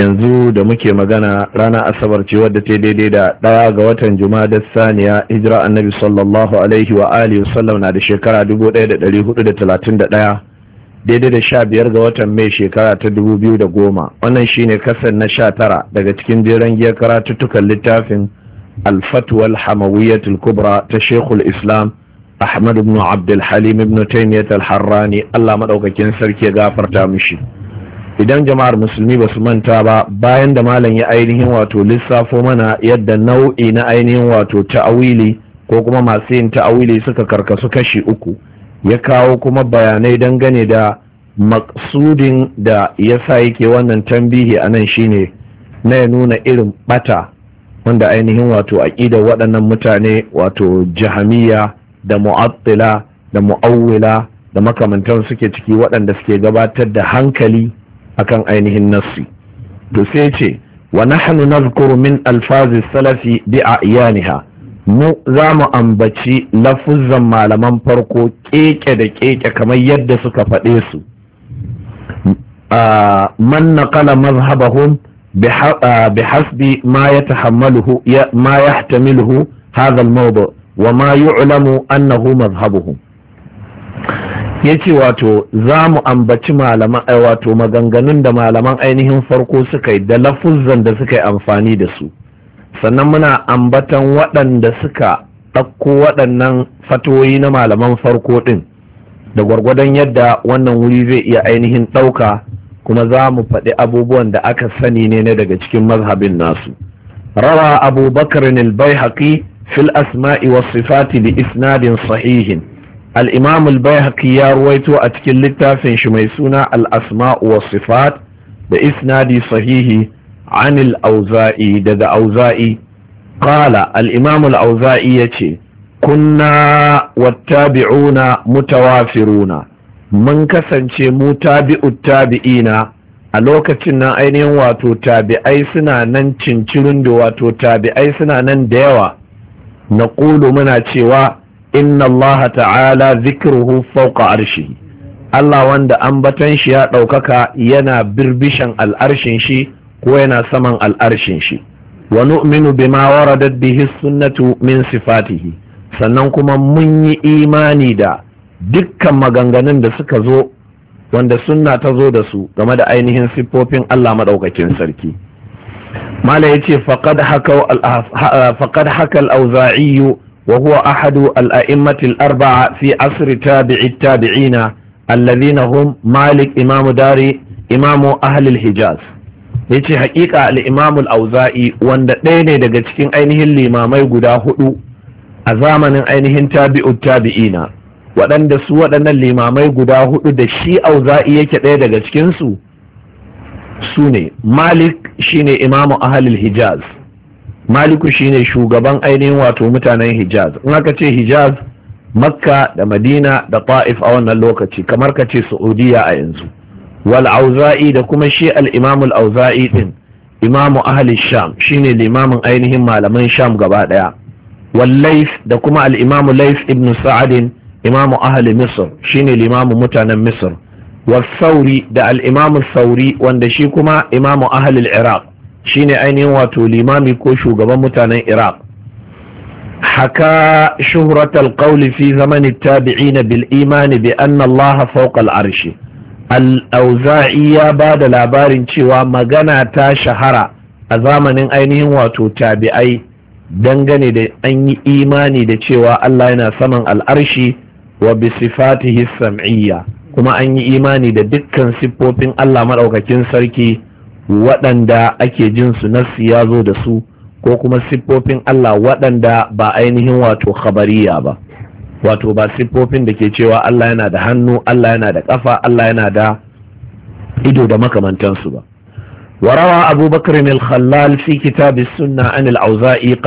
yanzu da muke magana rana asabar ce wadda ta daidai da ɗaya ga watan da saniya hijira annabi sallallahu alaihi wa alihi sallam na da shekara 1431 daidai da sha biyar ga watan mai shekara ta 2010 wannan shine kasan na sha tara daga cikin jeren giyar karatuttukan littafin alfatwal hamawiyatul kubra ta shekul islam ahmad ibn abdul halim ibn taymiyat al-harrani allah maɗaukakin sarki ya gafarta mishi idan jama'ar musulmi ba su manta ba bayan da malam ya ainihin wato lissafo mana yadda nau'i na ainihin wato ta'awili ko kuma masu yin ta'awili suka karkasu kashi uku ya kawo kuma bayanai dangane da maksudin da ya sa yake wannan tambihi a nan shine na ya nuna irin bata wanda ainihin wato aƙidar waɗannan mutane wato jahamiya da mu'attila da mu'awwila da makamantan suke ciki waɗanda suke gabatar da hankali akan ainihin nassi to sai ce wa nahnu nadhkuru min alfazi salafi bi a'yaniha mu za mu ambaci lafuzan malaman farko keke da keke kamar yadda suka faɗe su man naqala mazhabahum بحسب ما يتحمله ما يحتمله هذا الموضوع وما يعلم أنه مذهبهم ya ce wato za mu ambaci malaman ai eh, wato maganganun da malaman ainihin farko suka yi da lafuzan da suka yi amfani da su sannan muna ambatan waɗanda suka ɗauko waɗannan fatoyi na malaman farko ɗin da gwargwadon yadda wannan wuri zai iya ainihin ɗauka kuma za mu faɗi abubuwan da aka sani ne na daga cikin mazhabin nasu rawa abubakar al haƙi fil asma'i wasu fati isnadin sahihin al-imam al ya ruwaito a cikin littafin shi mai suna al-asma' wa sifat da isnadi sahihi an auzai daga auza'i qala al-imam ya ce. kunna wattabi'una mutawafiruna mun kasance mu tabi'u tabi'ina a lokacin nan ainihin wato tabi'ai suna nan cincirin da wato tabi'ai suna nan da yawa na muna cewa inna Allah ta'ala zikruhu fawqa arshi Allah wanda ambaton shi ya ɗaukaka yana birbishan al'arshin shi ko yana saman al'arshin shi wa nu'minu bima waradat bihi sunnatu min sifatihi sannan kuma mun yi imani da dukkan maganganun da suka zo wanda sunna ta zo da su game da ainihin siffofin Allah maɗaukakin sarki mala yace faqad hakal al-auza'i وهو أحد الأئمة الأربعة في عصر تابع التابعين الذين هم مالك إمام داري إمام أهل الحجاز yace haƙiƙa al-Imam auzai wanda ɗaya ne daga cikin ainihin limamai guda hudu a zamanin ainihin tabi'ut tabi'ina waɗanda su waɗannan limamai guda hudu da shi Auza'i yake ɗaya daga cikin su ne Malik shine imamu Ahlul Hijaz maliku shine shugaban ainihin wato mutanen hijaz in aka ce hijaz makka da madina da ta'if a wannan lokaci kamar ka ce saudiya a yanzu wal auza'i da kuma shi al imamul auzai din imamu ahli sham shine limamin ainihin malaman sham gaba daya wallais da kuma al-imamu lais ibn sa'adin imamu ahli misr shine limamin mutanen misr والثوري da al'imamu Sauri wanda shi kuma imamu أهل iraq shine ainihin wato limami ko shugaban mutanen iraq haka shuhratal qawli fi zamani tabi'ina bil imani bi anna allah fawqa al ya ba da labarin cewa magana ta shahara a zamanin ainihin wato tabi'ai dangane da an yi imani da cewa allah yana saman al'arshi wa bi sifatihi sam'iyya kuma an yi imani da dukkan siffofin allah maɗaukakin sarki waɗanda ake jin su nassi ya zo da su ko kuma siffofin Allah waɗanda ba ainihin wato khabariya ba wato ba siffofin da ke cewa Allah yana da hannu Allah yana da ƙafa Allah yana da ido da makamantansu ba Warawa Abubakar بكر الخلال في كتاب السنة عن الأوزائي